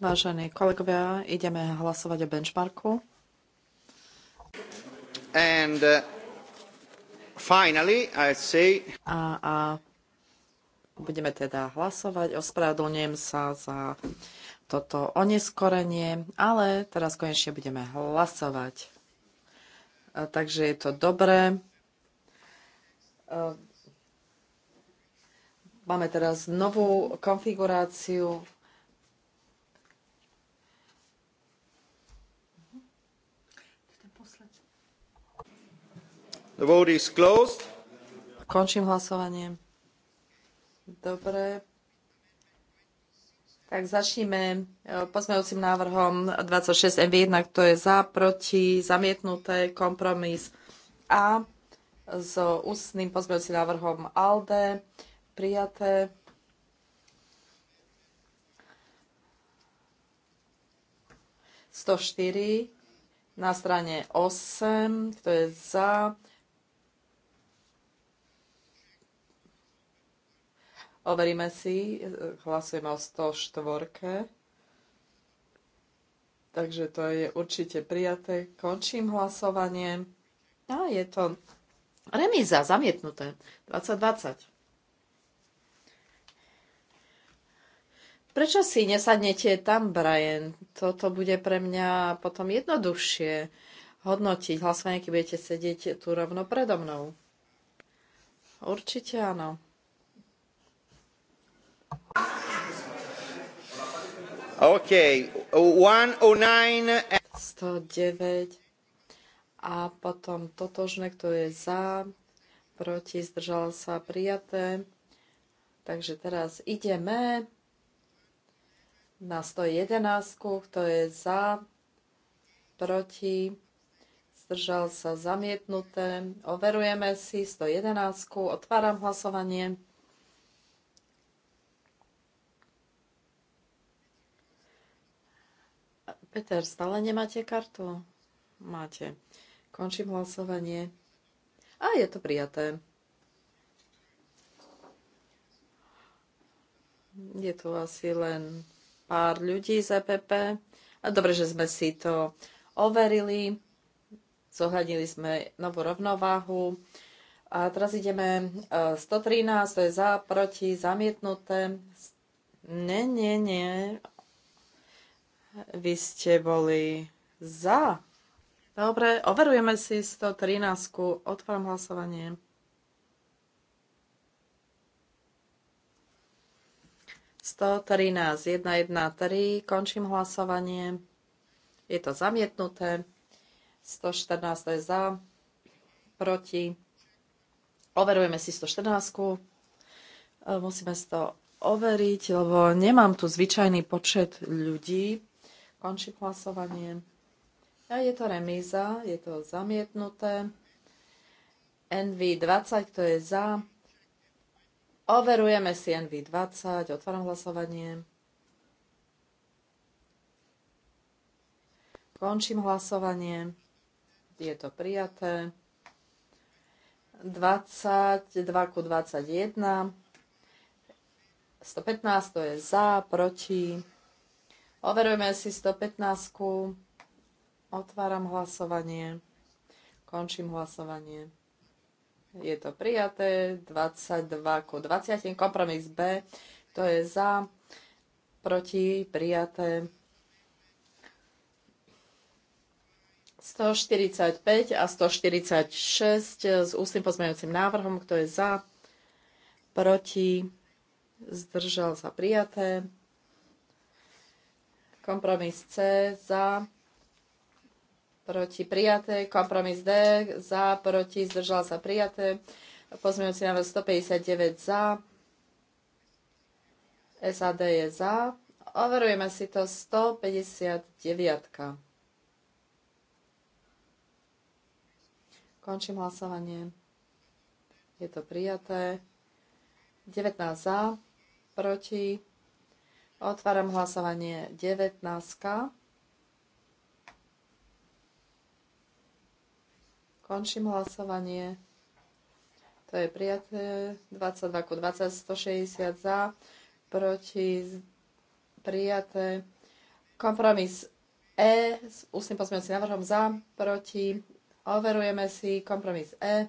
Vážení kolegovia, ideme hlasovať o benchmarku. And, uh, finally, I say... a, a budeme teda hlasovať. Ospravedlňujem sa za toto oneskorenie, ale teraz konečne budeme hlasovať. A, takže je to dobré. Máme teraz novú konfiguráciu. The vote is closed. Končím hlasovanie. Dobre. Tak začníme eh, pozmeňujúcim návrhom 26 MV1, kto je za, proti, zamietnuté, kompromis A s ústnym pozmeňujúcim návrhom ALDE prijaté. Sto štyri na strane 8, kto je za. Overíme si, hlasujeme o 104. Takže to je určite prijaté. Končím hlasovanie. A je to remíza, zamietnuté. 2020. Prečo si nesadnete tam, Brian? Toto bude pre mňa potom jednoduchšie hodnotiť hlasovanie, keď budete sedieť tu rovno predo mnou. Určite áno. OK, 109 a potom totožné, kto je za, proti, zdržalo sa, prijaté. Takže teraz ideme na 111, kto je za, proti, zdržal sa zamietnuté. Overujeme si 111, otváram hlasovanie. Peter, stále nemáte kartu? Máte. Končím hlasovanie. A je to prijaté. Je tu asi len pár ľudí z EPP. A dobre, že sme si to overili. zohľadili sme novú rovnováhu. A teraz ideme 113, e, to je za, proti, zamietnuté. Nie, nie, nie. Vy ste boli za. Dobre, overujeme si 113. Otváram hlasovanie. 113, 113, končím hlasovanie. Je to zamietnuté. 114 je za, proti. Overujeme si 114. E, musíme to overiť, lebo nemám tu zvyčajný počet ľudí. Končím hlasovanie. A je to remíza, je to zamietnuté. NV20, to je za, Overujeme si NV20, otváram hlasovanie. Končím hlasovanie. Je to prijaté. 22 ku 21. 115 to je za, proti. Overujeme si 115. -ku. Otváram hlasovanie. Končím hlasovanie je to prijaté, 22 ku 20, kompromis B, to je za, proti, prijaté. 145 a 146 s ústnym pozmeňujúcim návrhom, kto je za, proti, zdržal sa prijaté. Kompromis C za, proti prijaté, kompromis D za, proti, zdržal sa prijaté, pozmeňujúci návrh 159 za, SAD je za, overujeme si to 159. Končím hlasovanie. Je to prijaté. 19 za, proti. Otváram hlasovanie 19. Končím hlasovanie. To je prijaté. 22 ku 20, 160 za, proti prijaté. Kompromis E s ústnym pozmeňujúcim návrhom za, proti. Overujeme si kompromis E.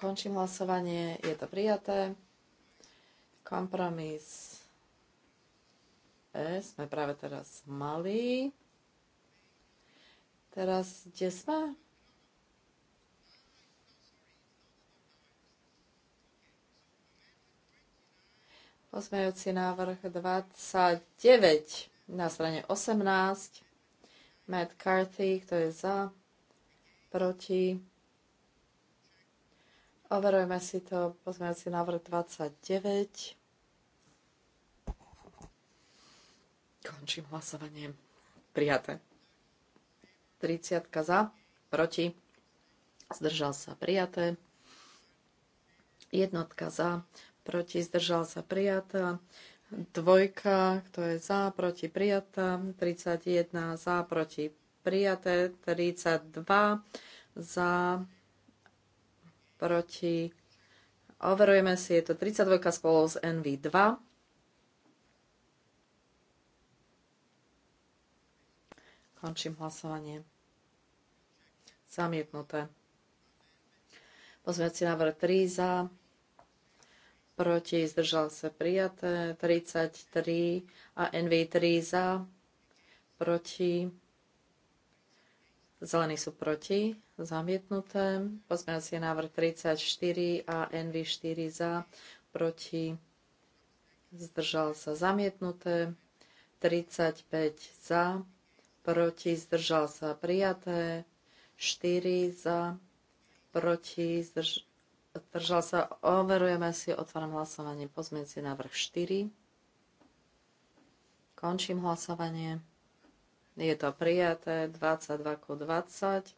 Končím hlasovanie, je to prijaté. Kompromis E sme práve teraz mali. Teraz kde sme? Pozmejúci návrh 29 na strane 18. Matt Carthy, kto je za, proti Overujeme si to pozmeňovací návrh 29. Končím hlasovanie. Prijaté. 30 za, proti, zdržal sa prijaté. Jednotka za, proti, zdržal sa prijatá. Dvojka, kto je za, proti, prijatá. 31 za, proti, prijaté. 32 za, proti. Overujeme si, je to 32 spolu s NV2. Končím hlasovanie. Zamietnuté. Pozmeňací návrh 3 za, proti zdržal sa prijaté, 33 a NV3 za, proti Zelení sú proti, zamietnuté. Pozmeňovací návrh 34 a NV4 za, proti, zdržal sa zamietnuté. 35 za, proti, zdržal sa prijaté. 4 za, proti, zdržal sa. Overujeme si, otváram hlasovanie. Pozmeňovací návrh 4. Končím hlasovanie. Je to prijaté 22 ku 20,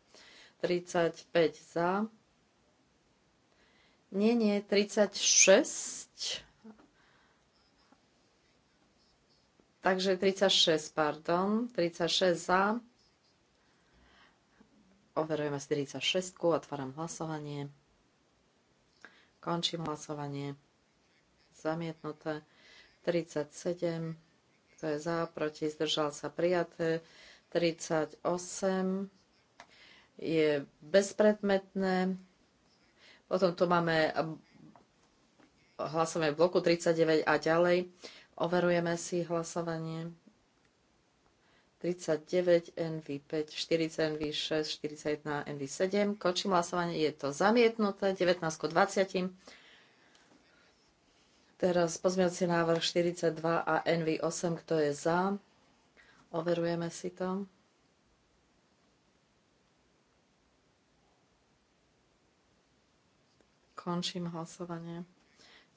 35 za. Nie, nie, 36. Takže 36, pardon, 36 za. Overujeme si 36, otváram hlasovanie. Končím hlasovanie. Zamietnuté. 37 kto je za, proti, zdržal sa prijaté. 38 je bezpredmetné. Potom tu máme hlasovanie v bloku 39 a ďalej. Overujeme si hlasovanie. 39, NV5, 40, NV6, 41, NV7. Končím hlasovanie, je to zamietnuté, 19 k 20. Teraz pozmiaci návrh 42 a NV8, kto je za. Overujeme si to. Končím hlasovanie.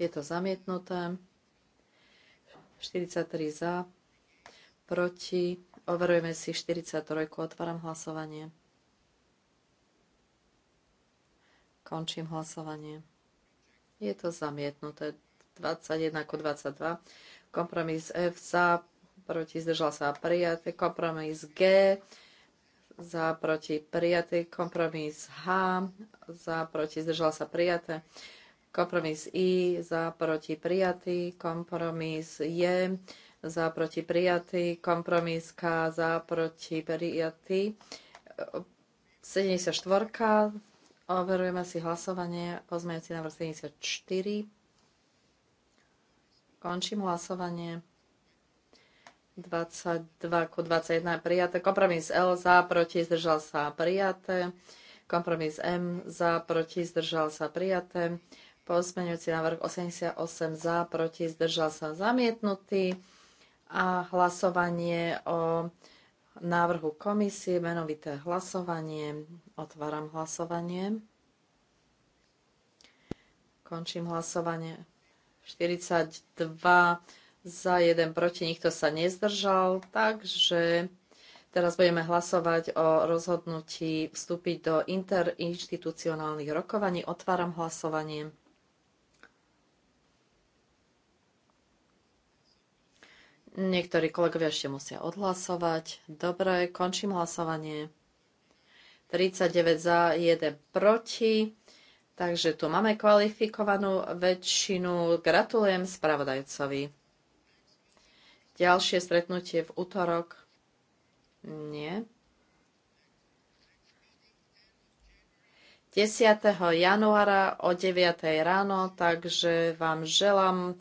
Je to zamietnuté. 43 za, proti. Overujeme si 43. Otváram hlasovanie. Končím hlasovanie. Je to zamietnuté. 21 ako 22. Kompromis F za, proti zdržal sa prijatý. Kompromis G za, proti prijatý. Kompromis H za, proti zdržal sa prijaté. Kompromis I za, proti prijatý. Kompromis J za, proti prijatý. Kompromis K za, proti prijatý. 74. Overujeme si hlasovanie. Pozmejúci návrh 74. Končím hlasovanie. 22 ku 21 prijaté. Kompromis L za, proti, zdržal sa prijaté. Kompromis M za, proti, zdržal sa prijaté. Pozmeňujúci návrh 88 za, proti, zdržal sa zamietnutý. A hlasovanie o návrhu komisie, menovité hlasovanie. Otváram hlasovanie. Končím hlasovanie. 42 za, 1 proti, nikto sa nezdržal, takže teraz budeme hlasovať o rozhodnutí vstúpiť do interinstitucionálnych rokovaní. Otváram hlasovanie. Niektorí kolegovia ešte musia odhlasovať. Dobre, končím hlasovanie. 39 za, 1 proti. Takže tu máme kvalifikovanú väčšinu. Gratulujem spravodajcovi. Ďalšie stretnutie v útorok. Nie. 10. januára o 9. ráno, takže vám želám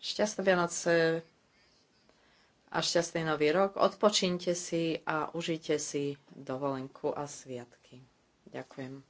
šťastné Vianoce a šťastný nový rok. Odpočíňte si a užite si dovolenku a sviatky. Ďakujem.